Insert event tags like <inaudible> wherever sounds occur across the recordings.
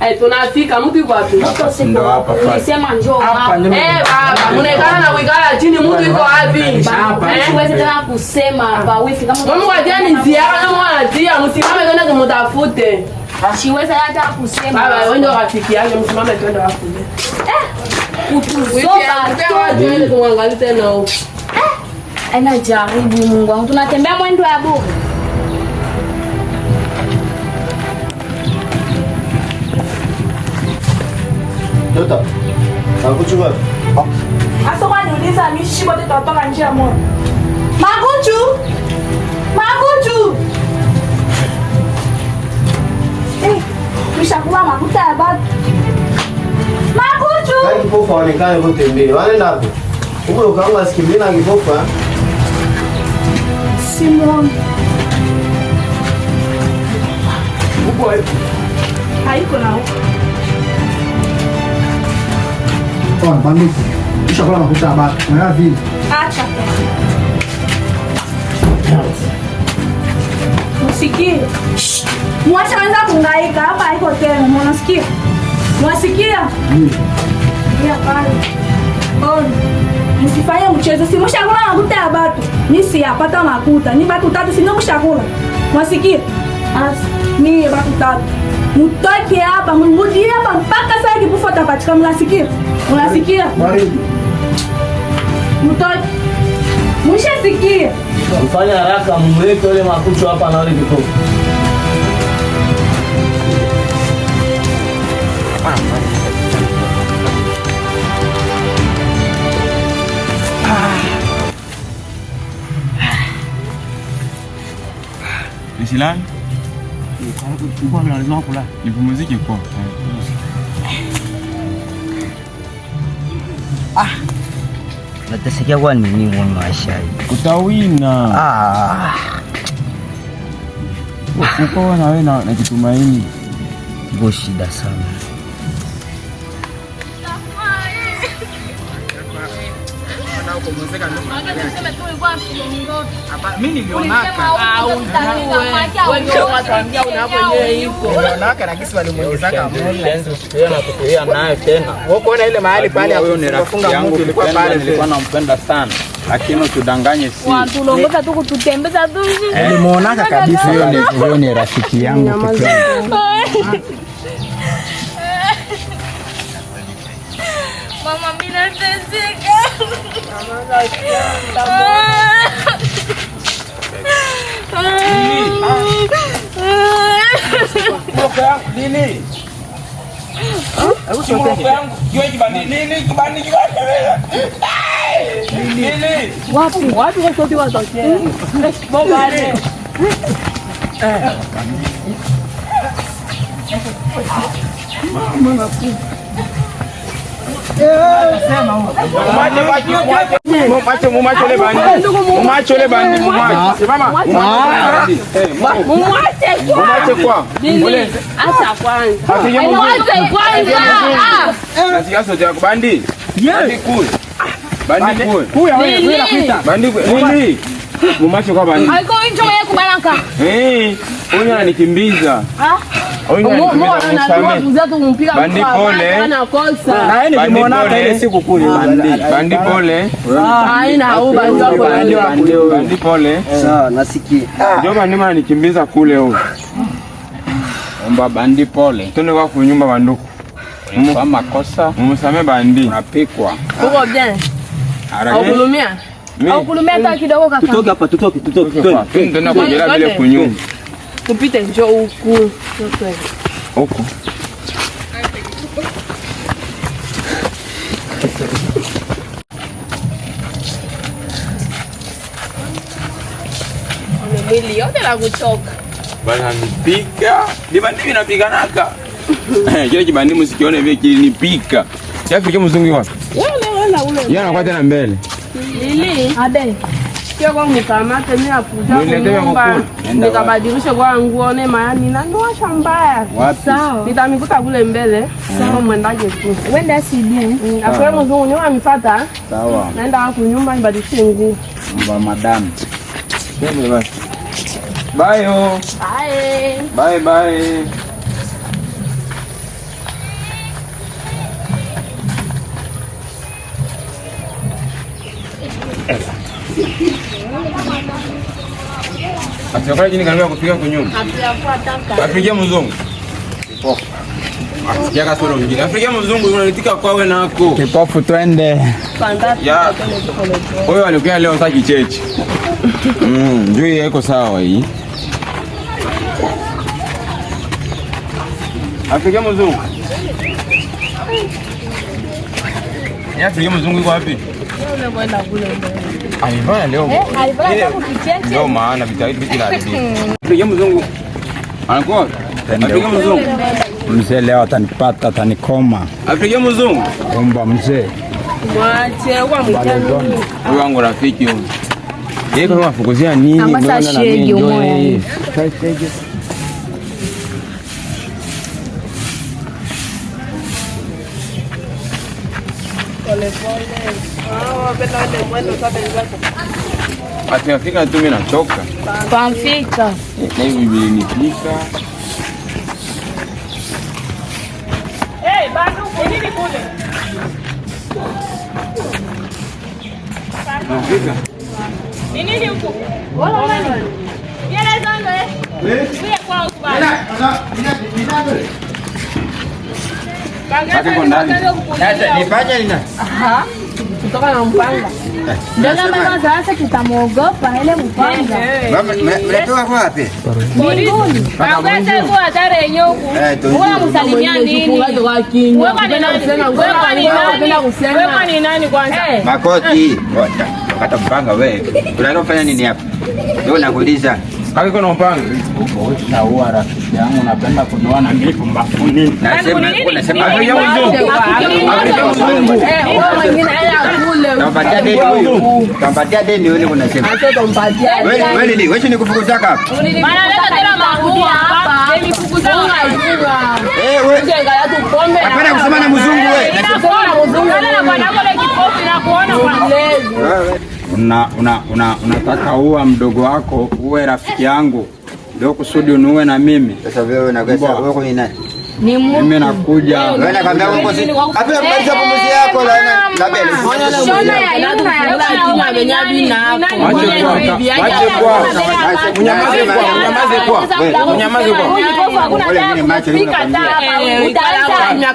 Eh, tunafika mtu yuko wapi? Mtu hapa. Ulisema njoo hapa. Eh, baba, mnaikana na kuikala chini mtu yuko wapi? Baba, siwezi tena kusema hapa wifi kama Mungu ajani ziara na mwana tia, msimame kwenda kumtafute. Siwezi hata kusema. Baba, wewe ndio rafiki yake, msimame twende wapi? Eh. Kutu. Sofa. Tena eh? anajaribu Mungu wangu. Tunatembea mwendo wa bure. Tota. Maguchu wapi? Asa kwa niuliza mishibo tete watoka nje ya moyo. Maguchu! Maguchu! Eh, nishakuwa makuta ya babu. Maguchu! Hai kipofu aonekane kutembea. Wale napo. Huko ukaanga sikimbi kipofu. Simon. Huko haiko na huko mfano bamiki, kisha kula makuta ya bata. Unaelewa vile? Acha. Usikie. Mwacha anza kungaika hapa haiko tena. Unasikia? Mwasikia? Mm. Ya pale. Oh. Msifanye mchezo. Si mshakula makuta ya bata. Mimi siyapata makuta. Ni batu tatu si ndio mshakula. Mwasikia? Asi. Ni batu tatu. Mutoke hapa, mrudie hapa mpaka sasa kibufu tapatikana. Mnasikia? Unasikia? Mshasikia? Mfanya haraka mlete yule makucho hapa na yule kitoto. Nisilani? Nipumzike kwa. Ah. Nateseka kwa nini mwa maisha Utawina. Ah. Uko na wewe na kitumaini. Niko shida sana. kupumzika ah, ndio. Mimi nilionaka na kisi walimuongezaka naye tena. Kuona ile mahali pale kufunga mtu ilikuwa pale, nilikuwa nampenda sana lakini utudanganye, tulongoza tu kututembeza tu. Eh, Nilimuonaka kabisa, huyo ni rafiki yangu. <laughs> Mama Miller desenhando. Mama, nós tá bom. Lili, Lili. Eu vou te tá mostrar. Lili, que bani, que bani. Lili. Wapi, wapi watoto watokea? Bobare. Eh. Mama, mama. Mumache ule bandi, kwa bandi eh, huyu ananikimbiza ah. Njomanima ah, ah. ah, nikimbiza kule Omba bandi pole. Twende kwa kunyumba banduku. Kwa makosa. Mumsame bandi. Unapikwa. Uko bien. Aukulumia. Aukulumia hata kidogo kaka. Tutoke hapa, tutoke, tutoke. Twende na kujela vile kunyumba. Tupite njoo huku huku. Mwili yote la kuchoka. Bana nipika. Dibandimu eh, Kile kibandimu sikione vile kilinipika. Chafi mzungu wapi? Yeye anakwata na mbele. Lili. Abe. Sikia kwangu nikamate mimi nakuja nyumba. Nikabadilishe kwa nguo ne maani na ndio shambaya. Sawa. Nitamikuta kule mbele. Sawa mwendaje tu. Wenda sidu. Mm, Akwemo mzungu nyo amfuata. Sawa. Naenda kwa nyumba nibadilishe nguo. Mba madam. Bye bye. Bye bye. Atakala jini kanawea kupiga kwa nyumba. Apigia mzungu. Kipofu. Asikia kasoro mjini. Apigia mzungu unalitika kwawe na ako. Kipofu twende. Ya. Wewe alikuwa leo sasa kicheche. Mm, njui yako sawa hii. Apigia mzungu. Ya, apigia mzungu yuko wapi? Ndio maana mzungu anakuwa Afrika mzungu. Mzee leo atanipata atanikoma. Afrika mzungu. Kumba mzee. Mwache huwa mtano. Huyu wangu rafiki huyu. Yeye kwa kufukuzia nini? Mbona na mimi ndio. Pole pole. Atinafika tu mimi nachoka. Pamfika. Na hivi nifika. Hey, bado nini kule? Pamfika. Nini huko? Wala wala. Yele zango eh. Wewe kwa ukubali. Yala, yala, yala. Bagati kwa ndani. nifanye nini? Aha kutoka na mpanga. Eh. Ndio maana sasa tutamwogopa ile mpanga. Mnatoka wapi? Mbinguni. Hawezi kuwa hatari yenyewe huku. Wewe msalimia nini? Wewe ni nani? Wewe ni nani kwanza? Eh. Makoti. Kata mpanga wewe. Unalofanya nini hapa? Ndio nakuuliza. Kaka kuna mpango. Uko shaua rafiki yangu napenda kuoa na mimi kumbafuni. Nasema unasema hapo mzungu. Hapo mwingine haya kule. Tumpatia deni huyu. Tumpatia deni wewe unasema. Hapo tumpatia. Wewe wewe ni wewe nikufukuza kaka. Maana leta tena makuwa hapa. Deni kufukuza unajua. Eh wewe. Unjenga yatu pombe. Hapana kusema na mzungu wewe. Nakuona mzungu. Na kuona kwa kipofu na kuona kwa mlezi unataka una, una, una, uwa mdogo wako uwe rafiki yangu, ndio kusudi unuwe na mimi. Sasa wewe na wewe uko ni nani? Mimi nakuja. Wewe nakwambia uko si. Hapo unamaliza pumzi yako la la bele. Shona ya nyumba ya baba amenyabi na hapo. Waje kwa. Waje kwa. Unyamaze kwa. Unyamaze kwa. Unyamaze kwa.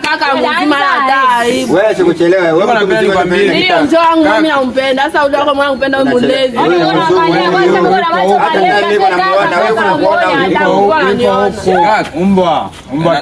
Kaka mzima hatari. Wewe sikuchelewe. Wewe unakuja mbele. Ndio mzee wangu mimi nampenda. Sasa udako mwanangu mpenda wewe mlezi. Hata mimi niko namuona wewe unakuona Mbwa. Mbwa.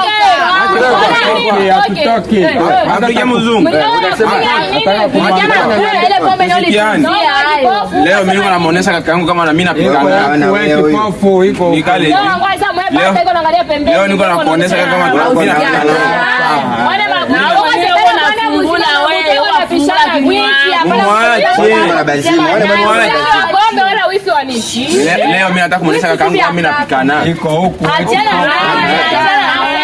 Leo mimi namuonesha kaka yangu kama na mimi napigana na wewe kipofu iko kale. Leo niko nakuonesha kama Leo mimi nataka kumuonesha kaka yangu mimi napigana. Iko huko.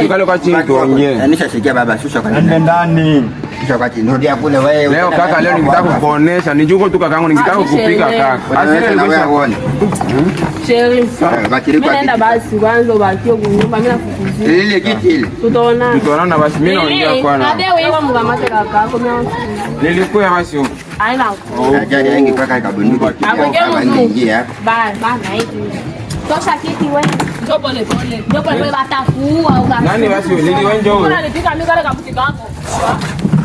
Tukale kwa chini tuongee. Nishashikia baba, shusha kwa chini. Ndani. Shusha kwa chini. Rudia kule wewe. Leo kaka, leo ningetaka kukuonesha, nijuko tu kakaangu ningetaka kupika kaka. Asile wewe uone. Sheri. Eh, Bakiri kwa kiti. Basi kwanza bakio kunyumba mimi nakukuzia. Ile kiti ile. Tutaona. Tutaona basi mimi naongea kwa na. Ndio wewe mgamate kaka yako mimi. Nilikuwa basi huko. Haina. Hajaja yengi kaka kabunduka. Hapo jambo. Bye. Bye. Tosha kiti wewe. Njoo pole pole. Njoo pole pole batakuua uga. Nani basi wewe? Ndio wewe njoo. Mbona nipika mimi kale kabuti kangu?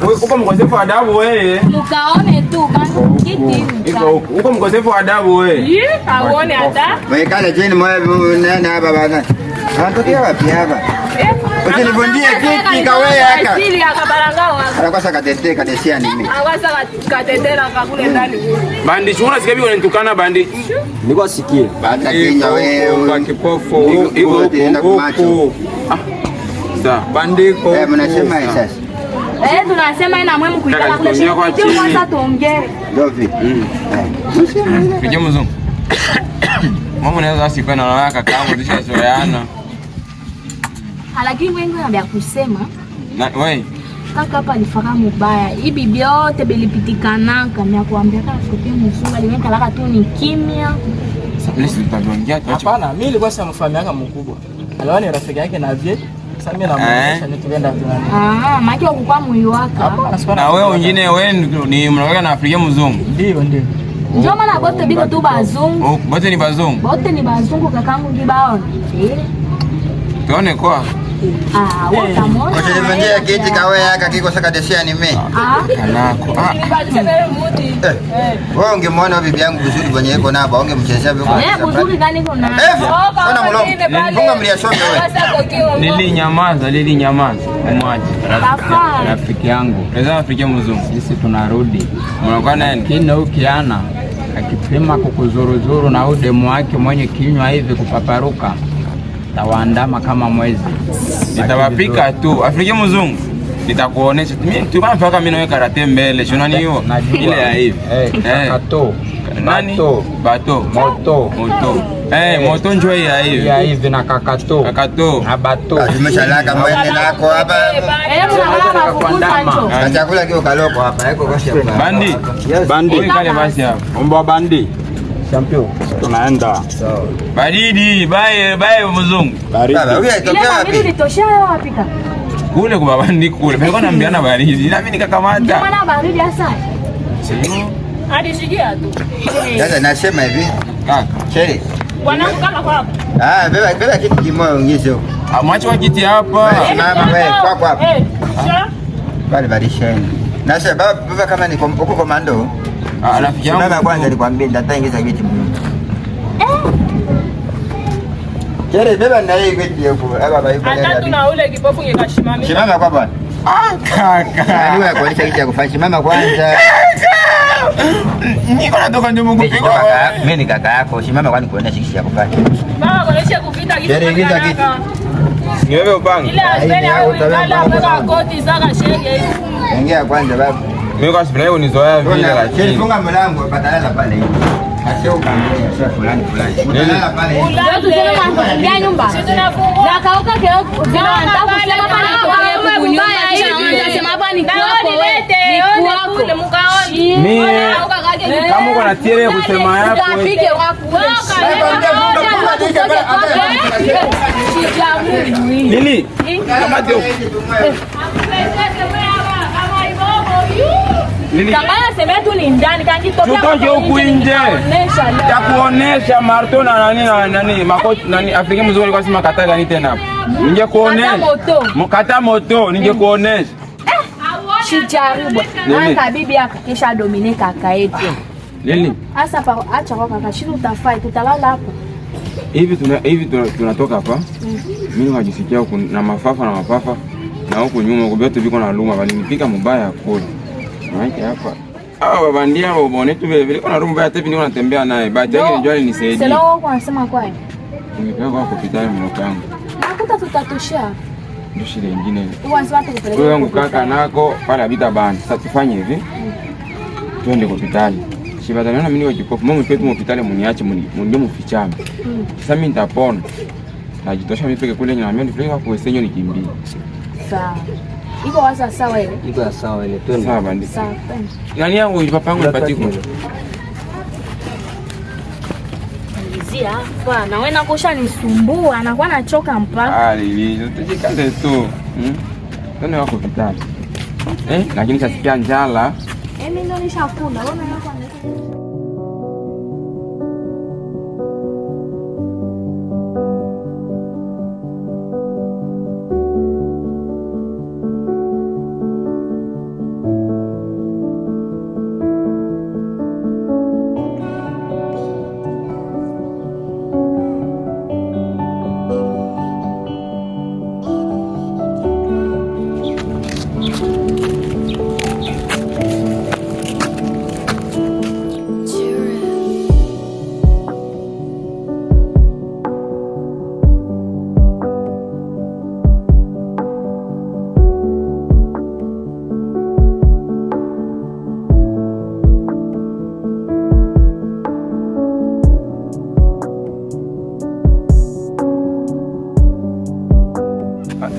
Wewe uko mkosefu wa adabu wewe. Ukaone tu basi kiti. Uko uko mkosefu wa adabu wewe. Yee, uone hata. Wewe kale chini mwe nani hapa bana. Anatokea wapi hapa? Eh? Usinivunjie kiti kawea asili akabarangao. Anakosa katete kadesia nini? Awasa katetera kakule ndani. Bandi chuna sikabi unanitukana bandi. Niko sikia. Baada kinya wewe. Kwa kipofu hivyo tena kumacho. Sawa. Ah, bandi ko. Eh, mnasema sasa. Eh, tunasema ina mwemu kuitaka kule chini. Kwanza tuongee. Ndio vipi? Mm. Mzungu. <coughs> Mama naweza asipenda na kaka yangu tishazoeana. Ah, lakini wengi wewe kaka hapa nifahamu baya ibi byote belipitikanaka myakuambia kafutie mzungu alimekalaka tu ni kimya. Hapana, mimi nilikuwa simfahamiaka mkubwa alawa rafiki yake na vye eh. ah, na we wengine ni mnaweka na Afrika mzungu ndio ndio ndio maana oh, bote biko tu bazungu oh, bote ni bazungu bote ni bazungu kakangu tuone kwa kuchilivunjia ah, eh. kiti kawea kakikosakateshia nime ah. kanako ah. Eh. Eh. bibi yangu vizuri kwenye iko naba ungemchezea mlomfunga mliashoe lili nyamaza lili rafiki yangu eza rafiki mzungu sisi tunarudi mnakona ukiana akipima kukuzuruzuru na udemu wake mwenye kinywa hivi kupaparuka tawaandama kama mwezi, nitawapika tu Afrika mzungu nitakuonesha tu mpaka mimi naweka karate mbele ni hiyo ile ya hivi eh, eh. kato nani bato moto moto eh, eh. moto njoo ya hivi ya hivi na kakato kakato na bato tumeshalaka ah, mwende nako hapa eh chakula kio kaloko hapa eko kwa shamba bandi bandi kale basi hapo omba bandi Champion. Tunaenda. Sawa. Baridi, bye bye mzungu. Baridi. wapi kaka? Kule kwa baba ni kule. Nilikuwa naambiana <laughs> baridi. Na mimi nikakamata. Maana baridi hasa. Hadi sijia tu. Sasa nasema hivi. Kaka. Chele. Wanangu kama kwa hapo. Ah, beba beba kitu kimoja ongeze huko. Amwacha kiti hapa. Mama wewe kwako hapo. Eh. Bali bali sheni. Na baba kama ni huko komando. Ah, rafiki yangu kaka, kwanza nilikwambia nitaingiza geti mimi. Kere beba na hii geti huko. Hata tuna ule kipofu ngekashimama. Simama kwa bwana. Ah kaka. Ndio ya kuonesha kitu ya kufanya. Simama kwanza. Niko na toka ndio Mungu pigo. Mimi ni kaka yako. Simama kwani kuonesha kitu ya kufanya. Mama kuonesha kupita kitu. Kere ingiza kitu. Ni wewe upange. Ile asema wewe kala koti zaka shenge hizi. Ingia kwanza baba. Mimi kwa sababu unizoea vile lakini. Nilifunga mlango badala pale hivi. Acha ukaangalia sasa fulani fulani. Badala pale hivi. Ndio tunafungua nyumba. Na kauka kero zinawataka kusema hapa ni kwa wewe kunyumba kisha anaanza kusema hapa ni kwa wewe. Ni kwa kule mkaoni. Mimi kama uko na tiere kusema hapo. Utafike wakuwe. Lili. Kama ndio. Kangana huku nje ya kuonesha marto na nani na nani makoti nani afike mzuri kwa sima kata gani tena ninge kuonesha kata moto ninge mm. kuonesha chijaribu eh, na bibi yako domine kaka yetu nini hasa pa acha kwa kaka shida utafai tutalala hapo hivi tuna hivi tunatoka hapa mm. mimi najisikia na mafafa na mafafa na huko nyuma huko vyote na luma bali nipika mubaya kula Mike hapa. Ah, babandia baba bonetu vile vile. Kuna rumba ya tepi niko natembea naye. Bahati yake ni jwali nisaidie. Sasa leo kwa nasema kwani? Nimekuwa kwa kupita hiyo mlo kangu. Nakuta tutatosha. Ndio shida nyingine. Uwazwa tukupeleke. Wewe wangu kaka nako pale abita bana. Sasa tufanye hivi. Mm. Twende kwa hospitali. Shibata naona mimi ni wajikofu. Mungu kwetu mu hospitali muniache mundio mfichame. Mm. Sasa mimi nitapona. Najitosha mimi peke kule nyama mimi nifike kwa kuwesenyo nikimbie. Sawa. Iko sawa ile. Iko sawa ile. Twende. Sawa ndio. Sawa. Yaani yangu papa yangu nipati huko. Nizia hapa na wewe nisumbua, anakuwa nachoka mpaka. Ah, lili, utajikande tu. Mm. Tena wako vitani. Eh, lakini sasikia njala. Eh, mimi ndo nishakula. Wewe unaona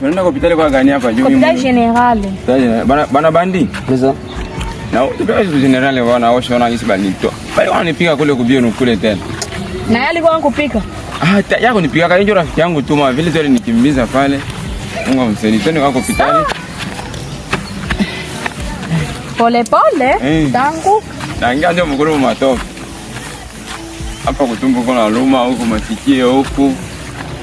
Unaenda hospitali kwa gani hapa juu? Hospitali general. Bana bana bandi. Ndio. Na tupewe general wana osha wana hizo bandi to. Bali wananipiga kule kubio nukule tena. Na yale kwa kupika. Ah, yako nipiga kale njoo rafiki yangu tu mwa vile zile nikimbiza pale. Mungu amsaidie. Twende kwa hospitali. Pole pole. Eh. Tangu. Naingia ndio mkuru matofu. Hapa kutumbu kuna luma huku, masikio huku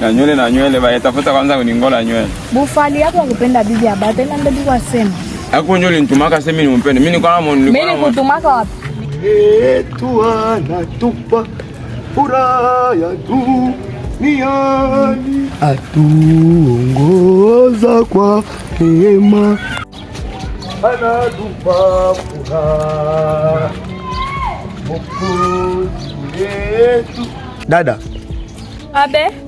na nywele na nywele bae, tafuta kwanza kuningola nywele. Bufali yako akupenda bibi abate na ndio wasema. Hapo nywele nitumaka sema mimi nimpende. Mimi niko kama niko. Mimi nikutumaka wapi? Eh, tu ana tupa Pura ya tu. dunia atuongoza kwa hema. Ana tupa yetu. Dada. Abe.